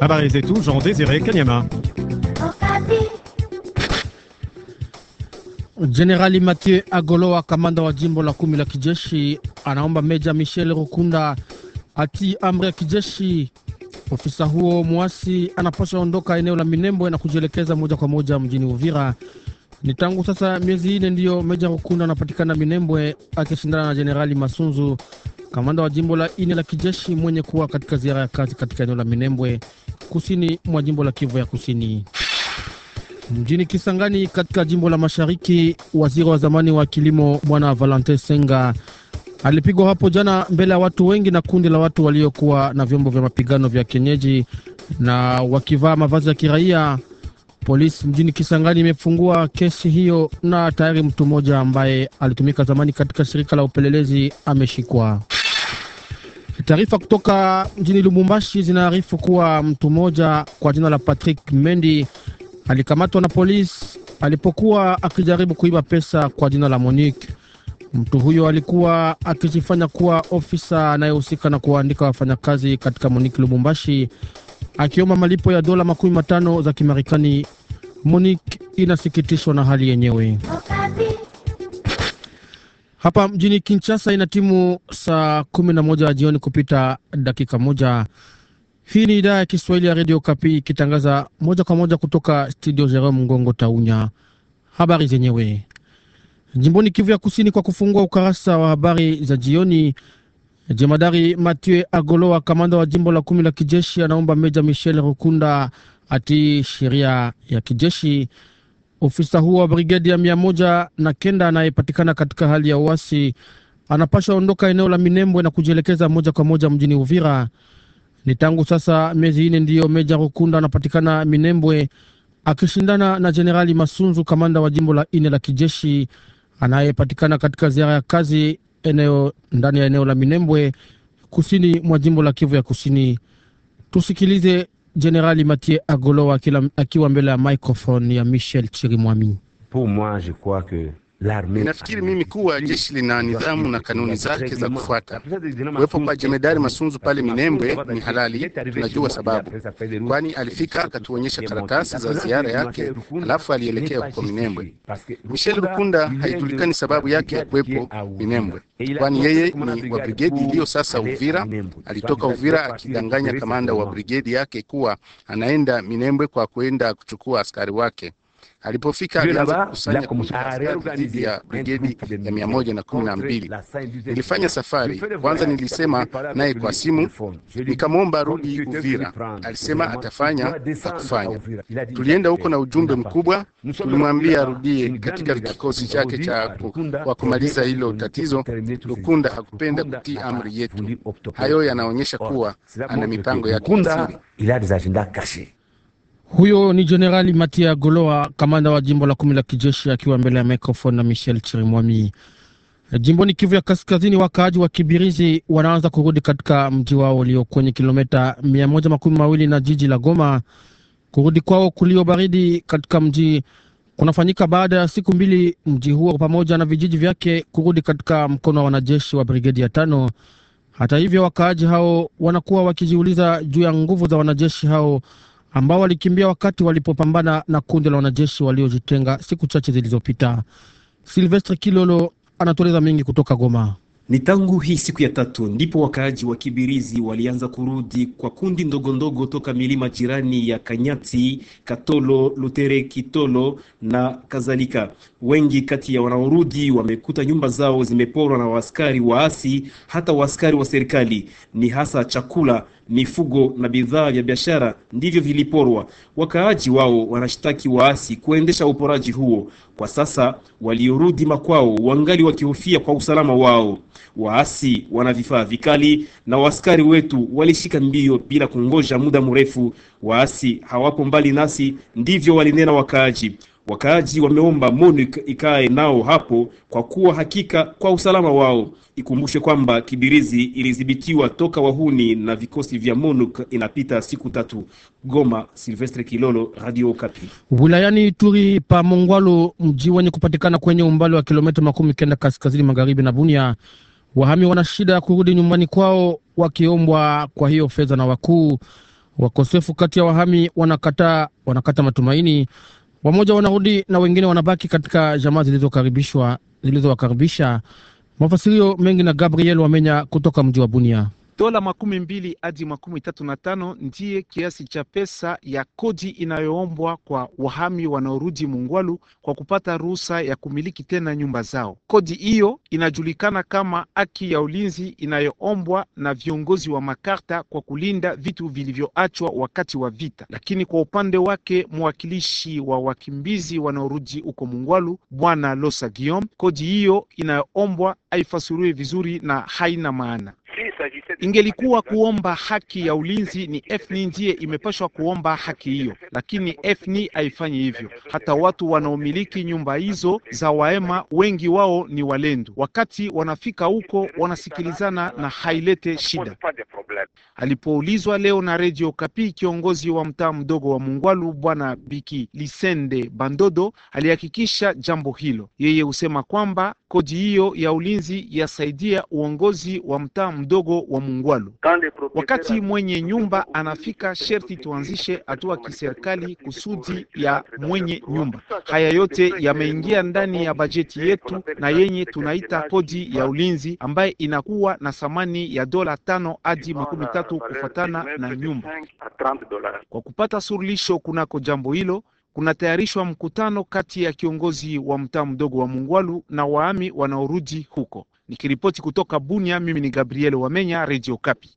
Abarez et tout, Jean-Désiré Kanyama. Jenerali Mathieu Agoloa, kamanda wa jimbo la kumi la kijeshi, anaomba Meja Michel Rukunda atii amri ya kijeshi. Ofisa huo mwasi anapaswa ondoka eneo la Minembwe na kujielekeza moja kwa moja mjini Uvira. Ni tangu sasa miezi ine ndiyo Meja Rukunda anapatikana Minembwe akishindana na Jenerali Masunzu Kamanda wa jimbo la ine la kijeshi mwenye kuwa katika ziara ya kazi katika eneo la Minembwe, kusini mwa jimbo la Kivu ya Kusini, mjini Kisangani katika jimbo la Mashariki. Waziri wa zamani wa kilimo Bwana Valentin Senga alipigwa hapo jana mbele ya watu wengi na kundi la watu waliokuwa na vyombo vya mapigano vya kienyeji na wakivaa mavazi ya kiraia. Polisi mjini Kisangani imefungua kesi hiyo na tayari mtu mmoja ambaye alitumika zamani katika shirika la upelelezi ameshikwa. Taarifa kutoka mjini Lubumbashi zinaarifu kuwa mtu mmoja kwa jina la Patrick Mendi alikamatwa na polisi alipokuwa akijaribu kuiba pesa kwa jina la Monique. Mtu huyo alikuwa akijifanya kuwa ofisa anayehusika na kuwaandika wafanyakazi katika Monique Lubumbashi, akiomba malipo ya dola makumi matano za Kimarekani. Monique inasikitishwa na hali yenyewe. Hapa mjini Kinshasa ina timu saa kumi na moja jioni kupita dakika moja. Hii ni idhaa ya Kiswahili ya redio Kapi ikitangaza moja kwa moja kutoka studio Jerome Ngongo Taunya. Habari zenyewe jimboni Kivu ya Kusini, kwa kufungua ukarasa wa habari za jioni, jemadari Mathieu Agoloa, kamanda wa jimbo la kumi la kijeshi, anaomba meja Michel Rukunda atii sheria ya kijeshi. Ofisa huo wa brigedi ya mia moja na kenda anayepatikana katika hali ya uasi anapasha ondoka eneo la Minembwe na kujielekeza moja kwa moja mjini Uvira. Ni tangu sasa miezi ine ndiyo Meja Rukunda anapatikana Minembwe akishindana na Jenerali Masunzu, kamanda wa jimbo la ine la kijeshi anayepatikana katika ziara ya kazi eneo ndani ya eneo la Minembwe kusini mwa jimbo la Kivu ya Kusini. Tusikilize Jenerali Matie Agolo akiwa mbele ya microphone ya Michel Chirimwami. Pour moi, je crois que Nafikiri mimi kuwa jeshi lina nidhamu na kanuni zake za kufuata. Kuwepo kwa jemedari Masunzu pale Minembwe ni halali, tunajua sababu, kwani alifika akatuonyesha karatasi za ziara yake, alafu alielekea huko Minembwe. Michel Rukunda haijulikani sababu yake ya kuwepo Minembwe, kwani yeye ni wa brigedi iliyo sasa Uvira. Alitoka Uvira akidanganya kamanda wa brigedi yake kuwa anaenda Minembwe kwa kuenda kuchukua askari wake. Alipofika alianza kukusanya kumbukumbu dhidi ya brigedi ya mia moja na kumi na mbili. Nilifanya safari kwanza, nilisema naye kwa simu, nikamwomba rudi Uvira. Alisema atafanya za kufanya. Tulienda huko na ujumbe mkubwa, tulimwambia arudie katika kikosi chake cha kwa kumaliza hilo tatizo. Lukunda hakupenda kutii amri yetu. Hayo yanaonyesha kuwa ana mipango yake. Huyo ni Jenerali Matia Goloa, kamanda wa jimbo la kumi la kijeshi, akiwa mbele ya mikrofoni na Michel Chirimwami. Jimboni Kivu ya Kaskazini, wakaaji wa Kibirizi wanaanza kurudi katika mji wao ulio kwenye kilometa mia moja makumi mawili na jiji la Goma. Kurudi kwao kulio baridi katika mji kunafanyika baada ya siku mbili mji huo pamoja na vijiji vyake kurudi katika mkono wa wanajeshi wa brigedi ya tano. Hata hivyo, wakaaji hao wanakuwa wakijiuliza juu ya nguvu za wanajeshi hao ambao walikimbia wakati walipopambana na kundi la wanajeshi waliojitenga siku chache zilizopita. Silvestre Kilolo anatueleza mengi kutoka Goma. Ni tangu hii siku ya tatu ndipo wakaaji wa Kibirizi walianza kurudi kwa kundi ndogondogo ndogo toka milima jirani ya Kanyati, Katolo, Lutere, Kitolo na kadhalika. Wengi kati ya wanaorudi wamekuta nyumba zao zimeporwa na waaskari waasi, hata waaskari wa serikali. Ni hasa chakula mifugo na bidhaa vya biashara ndivyo viliporwa. Wakaaji wao wanashtaki waasi kuendesha uporaji huo. Kwa sasa waliorudi makwao wangali wakihofia kwa usalama wao. Waasi wana vifaa vikali na waskari wetu walishika mbio bila kungoja muda mrefu. Waasi hawapo mbali nasi, ndivyo walinena wakaaji. Wakaaji wameomba MONUC ikae nao hapo kwa kuwa hakika kwa usalama wao. Ikumbushe kwamba Kibirizi ilidhibitiwa toka wahuni na vikosi vya MONUC inapita siku tatu. Goma, Silvestre Kilolo, Radio Okapi. Wilayani Ituri pa Mongwalo, mji wenye kupatikana kwenye umbali wa kilometa makumi kenda kaskazini magharibi na Bunia, wahami wana shida ya kurudi nyumbani kwao, wakiombwa kwa hiyo fedha na wakuu. Wakosefu kati ya wahami wanakata, wanakata matumaini Wamoja wanarudi na wengine wanabaki katika jamaa zilizowakaribisha. Mafasirio mengi na Gabriel Wamenya kutoka mji wa Bunia. Dola makumi mbili hadi makumi tatu na tano ndiye kiasi cha pesa ya kodi inayoombwa kwa wahami wanaorudi Mungwalu kwa kupata ruhusa ya kumiliki tena nyumba zao. Kodi hiyo inajulikana kama haki ya ulinzi inayoombwa na viongozi wa makarta kwa kulinda vitu vilivyoachwa wakati wa vita. Lakini kwa upande wake mwakilishi wa wakimbizi wanaorudi huko Mungwalu, Bwana Losa Guillaume, kodi hiyo inayoombwa haifasuriwe vizuri na haina maana. Ingelikuwa kuomba haki ya ulinzi, ni FNI ndiye imepashwa kuomba haki hiyo, lakini FNI haifanyi hivyo. Hata watu wanaomiliki nyumba hizo za waema, wengi wao ni Walendu. Wakati wanafika huko, wanasikilizana na hailete shida problème. Alipoulizwa leo na Radio Kapi, kiongozi wa mtaa mdogo wa Mungwalu Bwana Biki Lisende Bandodo alihakikisha jambo hilo. Yeye husema kwamba kodi hiyo ya ulinzi yasaidia uongozi wa mtaa mdogo wa Mungwalu. Wakati mwenye nyumba anafika, sherti tuanzishe hatua kiserikali kusudi ya mwenye nyumba. Haya yote yameingia ndani ya bajeti yetu na yenye tunaita kodi ya ulinzi ambaye inakuwa na thamani ya dola tano hadi makumi tatu kufatana na nyumba. Kwa kupata surulisho kunako jambo hilo, kunatayarishwa mkutano kati ya kiongozi wa mtaa mdogo wa Mungwalu na waami wanaorudi huko. Nikiripoti kutoka Bunia, mimi ni Gabriel Wamenya, Radio Kapi.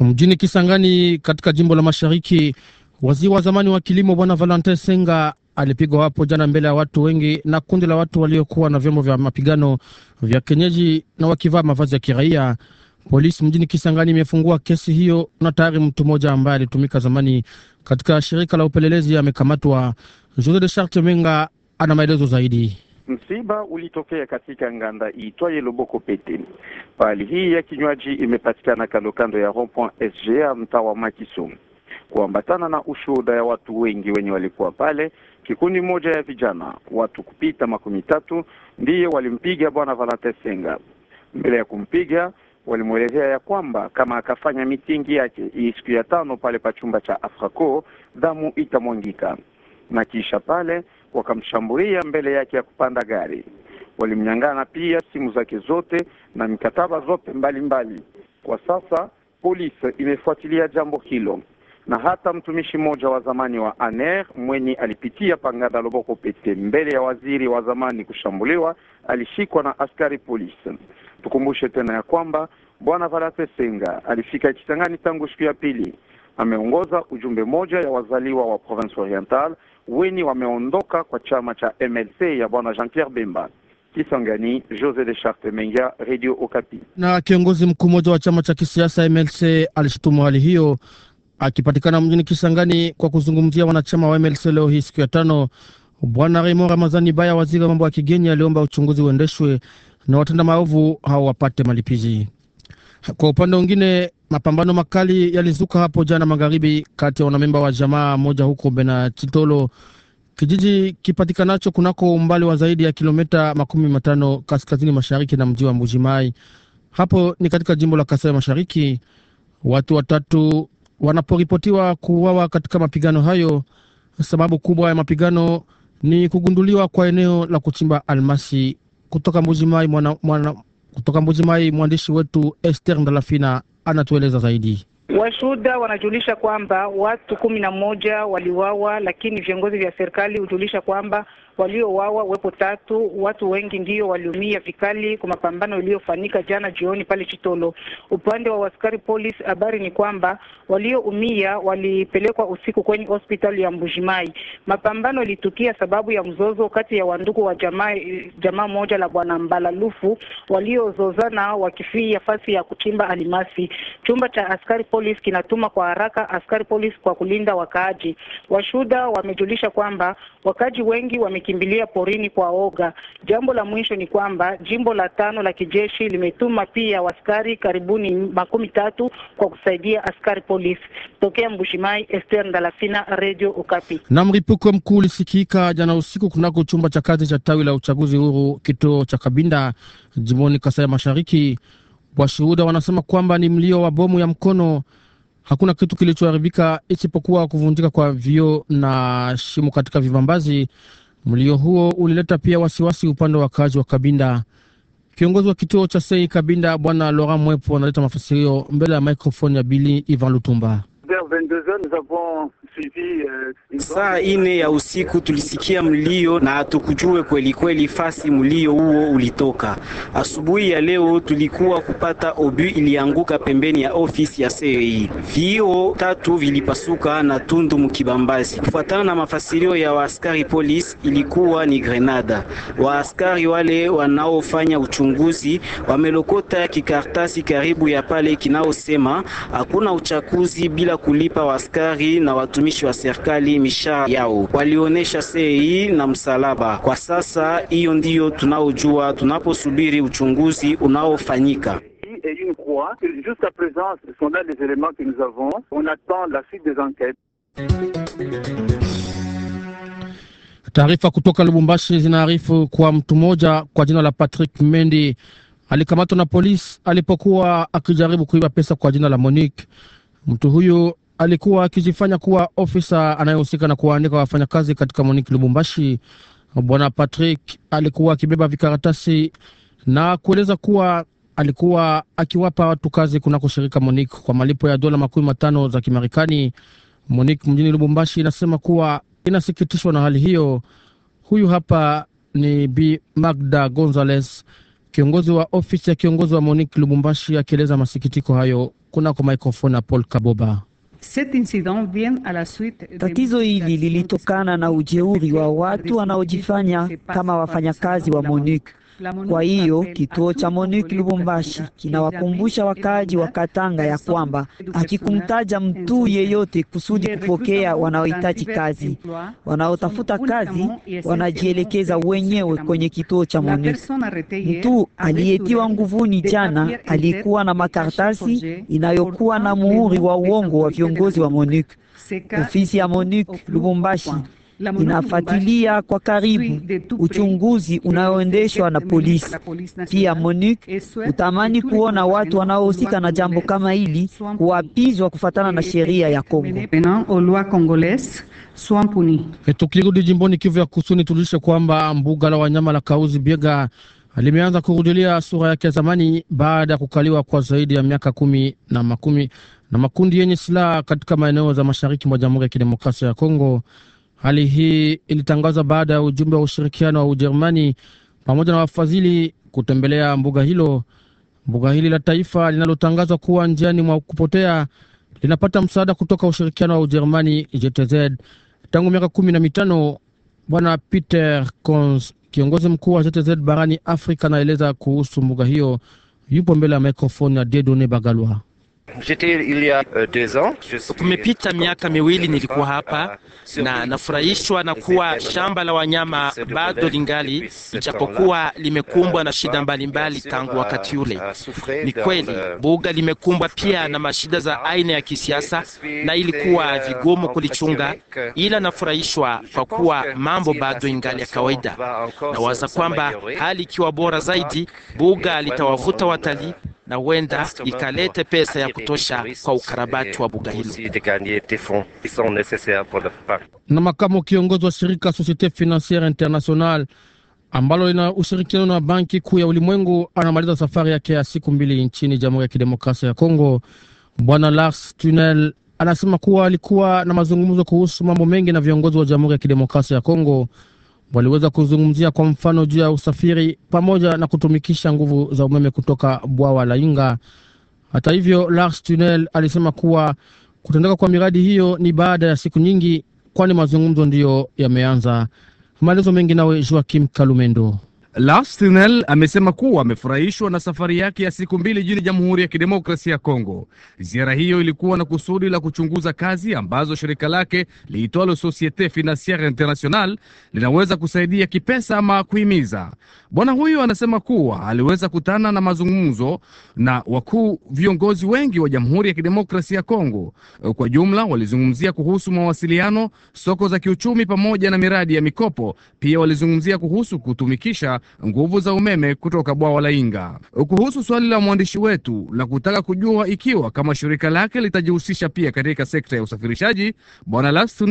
Mjini Kisangani katika jimbo la Mashariki, waziri wa zamani wa kilimo bwana Valentin Senga alipigwa hapo jana mbele ya watu wengi na kundi la watu waliokuwa na vyombo vya mapigano vya kienyeji na wakivaa mavazi ya kiraia. Polisi mjini Kisangani imefungua kesi hiyo na tayari mtu mmoja ambaye alitumika zamani katika shirika la upelelezi amekamatwa. Jose de Charte Menga ana maelezo zaidi. Msiba ulitokea katika nganda iitwaye Loboko Pete. Pahali hii ya kinywaji imepatikana kando kando ya Rond-Point SGA, mtaa wa Makiso. Kuambatana na ushuhuda ya watu wengi wenye walikuwa pale, kikundi moja ya vijana watu kupita makumi tatu ndiye walimpiga bwana Valentin Senga. Mbele ya kumpiga walimwelezea ya kwamba kama akafanya mitingi yake hii siku ya tano pale pa chumba cha Afraco damu itamwangika, na kisha pale wakamshambulia mbele yake ya kupanda gari. Walimnyang'ana pia simu zake zote na mikataba zote mbalimbali mbali. Kwa sasa polisi imefuatilia jambo hilo na hata mtumishi mmoja wa zamani wa ANER mwenye alipitia Panganda Loboko Pete mbele ya waziri wa zamani kushambuliwa alishikwa na askari polisi. Tukumbushe tena ya kwamba bwana Valate Senga alifika Kisangani tangu siku ya pili, ameongoza ujumbe moja ya wazaliwa wa Province Oriental weni wameondoka kwa chama cha MLC ya bwana Jean Pierre Bemba. Kisangani, Jose de Charte Menga, Radio Okapi. Na kiongozi mkuu mmoja wa chama cha kisiasa MLC alishutumu hali hiyo akipatikana mjini Kisangani kwa kuzungumzia wanachama wa MLC leo hii siku ya tano. Bwana Raymond Ramazani Baya, waziri wa mambo ya kigeni, aliomba uchunguzi uendeshwe na watenda maovu hao wapate malipizi. Kwa upande mwingine, mapambano makali yalizuka hapo jana magharibi kati ya wanamemba wa jamaa moja huko Bena Chitolo, kijiji kipatikanacho kunako umbali wa zaidi ya kilomita makumi matano kaskazini mashariki na mji wa Mbujimai. Hapo ni katika jimbo la Kasai Mashariki. Watu watatu wanaporipotiwa kuuawa katika mapigano hayo. Sababu kubwa ya mapigano ni kugunduliwa kwa eneo la kuchimba almasi kutoka Mbujimai mwana, mwana, kutoka Mbujimai mwandishi wetu Esther Ndalafina anatueleza zaidi. Washuhuda wanajulisha kwamba watu kumi na moja waliwawa, lakini viongozi vya serikali hujulisha kwamba waliowawa wepo tatu, watu wengi ndio waliumia vikali kwa mapambano yaliyofanyika jana jioni pale Chitolo. Upande wa askari polisi, habari ni kwamba walioumia walipelekwa usiku kwenye hospitali ya Mbujimai. Mapambano yalitukia sababu ya mzozo kati ya wandugu wa jamaa jamaa moja la bwana Mbalalufu waliozozana wakifia fasi ya kuchimba alimasi. Chumba cha askari polisi kinatuma kwa haraka askari polisi kwa kulinda wakaaji. Washuda wamejulisha kwamba wakaaji wengi wame wamekimbilia porini kwa oga. Jambo la mwisho ni kwamba jimbo la tano la kijeshi limetuma pia askari karibuni makumi tatu kwa kusaidia askari polisi. Tokea Mbushimai, Esther Ndalafina, Radio Okapi. Na mripuko mkuu ulisikika jana usiku kunako chumba cha kazi cha tawi la uchaguzi huru kituo cha Kabinda jimboni Kasai Mashariki. Washuhuda wanasema kwamba ni mlio wa bomu ya mkono. Hakuna kitu kilichoharibika isipokuwa kuvunjika kwa vioo na shimo katika vibambazi Mlio huo ulileta pia wasiwasi upande wa kazi wa Kabinda. Kiongozi wa kituo cha sei Kabinda, Bwana Laurent Mwepo, analeta mafasirio mbele ya maikrofoni ya Bili Ivan Lutumba. Euh, Saa ine ya usiku tulisikia mlio na hatukujue kweli kweli fasi mlio huo ulitoka. Asubuhi ya leo tulikuwa kupata obu ilianguka pembeni ya ofisi ya CEI. Vio tatu vilipasuka na tundu mkibambazi. Kufuatana na mafasirio ya waaskari polisi, ilikuwa ni grenada. Waaskari wale wanaofanya uchunguzi wamelokota kikartasi karibu ya pale kinaosema hakuna uchakuzi bila kulipa waskari na watumishi wa serikali mishahara yao, walionyesha sei na msalaba. Kwa sasa hiyo ndiyo tunaojua tunaposubiri uchunguzi unaofanyika. Taarifa kutoka Lubumbashi zinaarifu kwa mtu mmoja kwa jina la Patrick Mendi alikamatwa na polisi alipokuwa akijaribu kuiba pesa kwa jina la Monique. Mtu huyo alikuwa akijifanya kuwa ofisa anayehusika na kuwaandika wafanyakazi katika Moniki Lubumbashi. Bwana Patrick alikuwa akibeba vikaratasi na kueleza kuwa alikuwa akiwapa watu kazi kunako shirika Monik kwa malipo ya dola makumi matano za Kimarekani. Monik mjini Lubumbashi inasema kuwa inasikitishwa na hali hiyo. Huyu hapa ni Bi Magda Gonzales Kiongozi wa ofisi ya kiongozi wa Monique Lubumbashi akieleza masikitiko hayo kunako mikrofoni ya Paul Kaboba. Tatizo hili lilitokana na ujeuri wa watu wanaojifanya kama wafanyakazi wa Monique kwa hiyo kituo cha MONUC Lubumbashi kinawakumbusha wakaaji wa Katanga ya kwamba hakikumtaja mtu yeyote kusudi kupokea wanaohitaji kazi. Wanaotafuta kazi wanajielekeza wenyewe kwenye kituo cha MONUC. Mtu aliyetiwa nguvuni jana alikuwa na makaratasi inayokuwa na muhuri wa uongo wa viongozi wa MONUC. Ofisi ya MONUC Lubumbashi inafuatilia kwa karibu uchunguzi unaoendeshwa na polisi. Pia MONUC utamani kuona watu wanaohusika na jambo kama hili kuapizwa kufatana na sheria ya Kongo. E, tukirudi jimboni Kivu ya Kusini, tulishe kwamba mbuga la wanyama la Kauzi Biega limeanza kurudilia sura yake ya zamani baada ya kukaliwa kwa zaidi ya miaka kumi na makumi na makundi yenye silaha katika maeneo za mashariki mwa Jamhuri ya Kidemokrasia ya Kongo. Hali hii ilitangazwa baada ya ujumbe wa ushirikiano wa Ujerumani pamoja na wafadhili kutembelea mbuga hilo. Mbuga hili la taifa linalotangazwa kuwa njiani mwa kupotea linapata msaada kutoka ushirikiano wa Ujerumani JTZ tangu miaka kumi na mitano. Bwana Peter Kons, kiongozi mkuu wa JTZ barani Afrika, anaeleza kuhusu mbuga hiyo. Yupo mbele ya mikrofoni ya Dedone Bagalwa. Kumepita euh, miaka miwili nilikuwa hapa ah, na nafurahishwa na kuwa shamba la wanyama bado lingali, ijapokuwa limekumbwa euh, na shida mbalimbali tangu wakati ule. Ni kweli buga limekumbwa pia na mashida za aina ya kisiasa na ilikuwa euh, vigumu kulichunga, ila nafurahishwa kwa kuwa mambo bado ingali ya kawaida. Nawaza kwamba hali ikiwa bora zaidi, buga litawavuta watalii na huenda ikalete pesa ya kutosha kwa ukarabati wa buga hilo. Na makamu kiongozi wa shirika Societe Financiere International ambalo lina ushirikiano na Banki Kuu ya Ulimwengu anamaliza safari yake ya siku mbili nchini Jamhuri ya Kidemokrasia ya Kongo. Bwana Lars Tunel anasema kuwa alikuwa na mazungumzo kuhusu mambo mengi na viongozi wa Jamhuri ya Kidemokrasia ya Kongo waliweza kuzungumzia kwa mfano juu ya usafiri pamoja na kutumikisha nguvu za umeme kutoka bwawa la Inga. Hata hivyo, Lars Tunel alisema kuwa kutendeka kwa miradi hiyo ni baada ya siku nyingi, kwani mazungumzo ndiyo yameanza. Maelezo mengi nawe Joakim Kalumendo. Lastinel amesema kuwa amefurahishwa na safari yake ya siku mbili jini Jamhuri ya Kidemokrasia ya Kongo. Ziara hiyo ilikuwa na kusudi la kuchunguza kazi ambazo shirika lake liitwalo Societe Financiere International linaweza kusaidia kipesa ama kuhimiza. Bwana huyo anasema kuwa aliweza kutana na mazungumzo na wakuu viongozi wengi wa Jamhuri ya Kidemokrasia ya Kongo. Kwa jumla, walizungumzia kuhusu mawasiliano, soko za kiuchumi pamoja na miradi ya mikopo. Pia walizungumzia kuhusu kutumikisha nguvu za umeme kutoka bwawa la Inga. Kuhusu swali la mwandishi wetu la kutaka kujua ikiwa kama shirika lake litajihusisha pia katika sekta ya usafirishaji, bwana Lars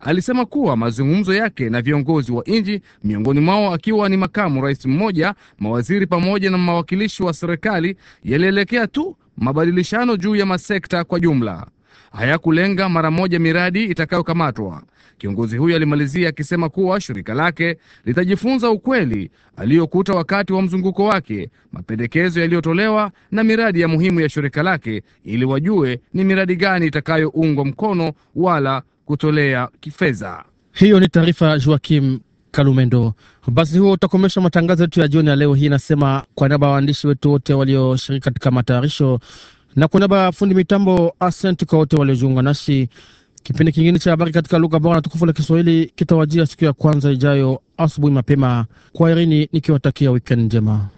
alisema kuwa mazungumzo yake na viongozi wa nchi, miongoni mwao akiwa ni makamu rais mmoja, mawaziri pamoja na mawakilishi wa serikali, yalielekea tu mabadilishano juu ya masekta kwa jumla, hayakulenga mara moja miradi itakayokamatwa. Kiongozi huyo alimalizia akisema kuwa shirika lake litajifunza ukweli aliyokuta wakati wa mzunguko wake, mapendekezo yaliyotolewa na miradi ya muhimu ya shirika lake, ili wajue ni miradi gani itakayoungwa mkono wala kutolea kifedha. Hiyo ni taarifa Joakim Kalumendo. Basi huo utakomesha matangazo yetu ya jioni ya leo hii. Nasema kwa niaba ya waandishi wetu wote walioshiriki katika matayarisho na kwa niaba ya fundi mitambo, asante kwa wote waliojiunga nasi. Kipindi kingine cha habari katika lugha bora na tukufu la Kiswahili kitawajia siku ya kwanza ijayo asubuhi mapema. kwa Kwaherini nikiwatakia weekend njema.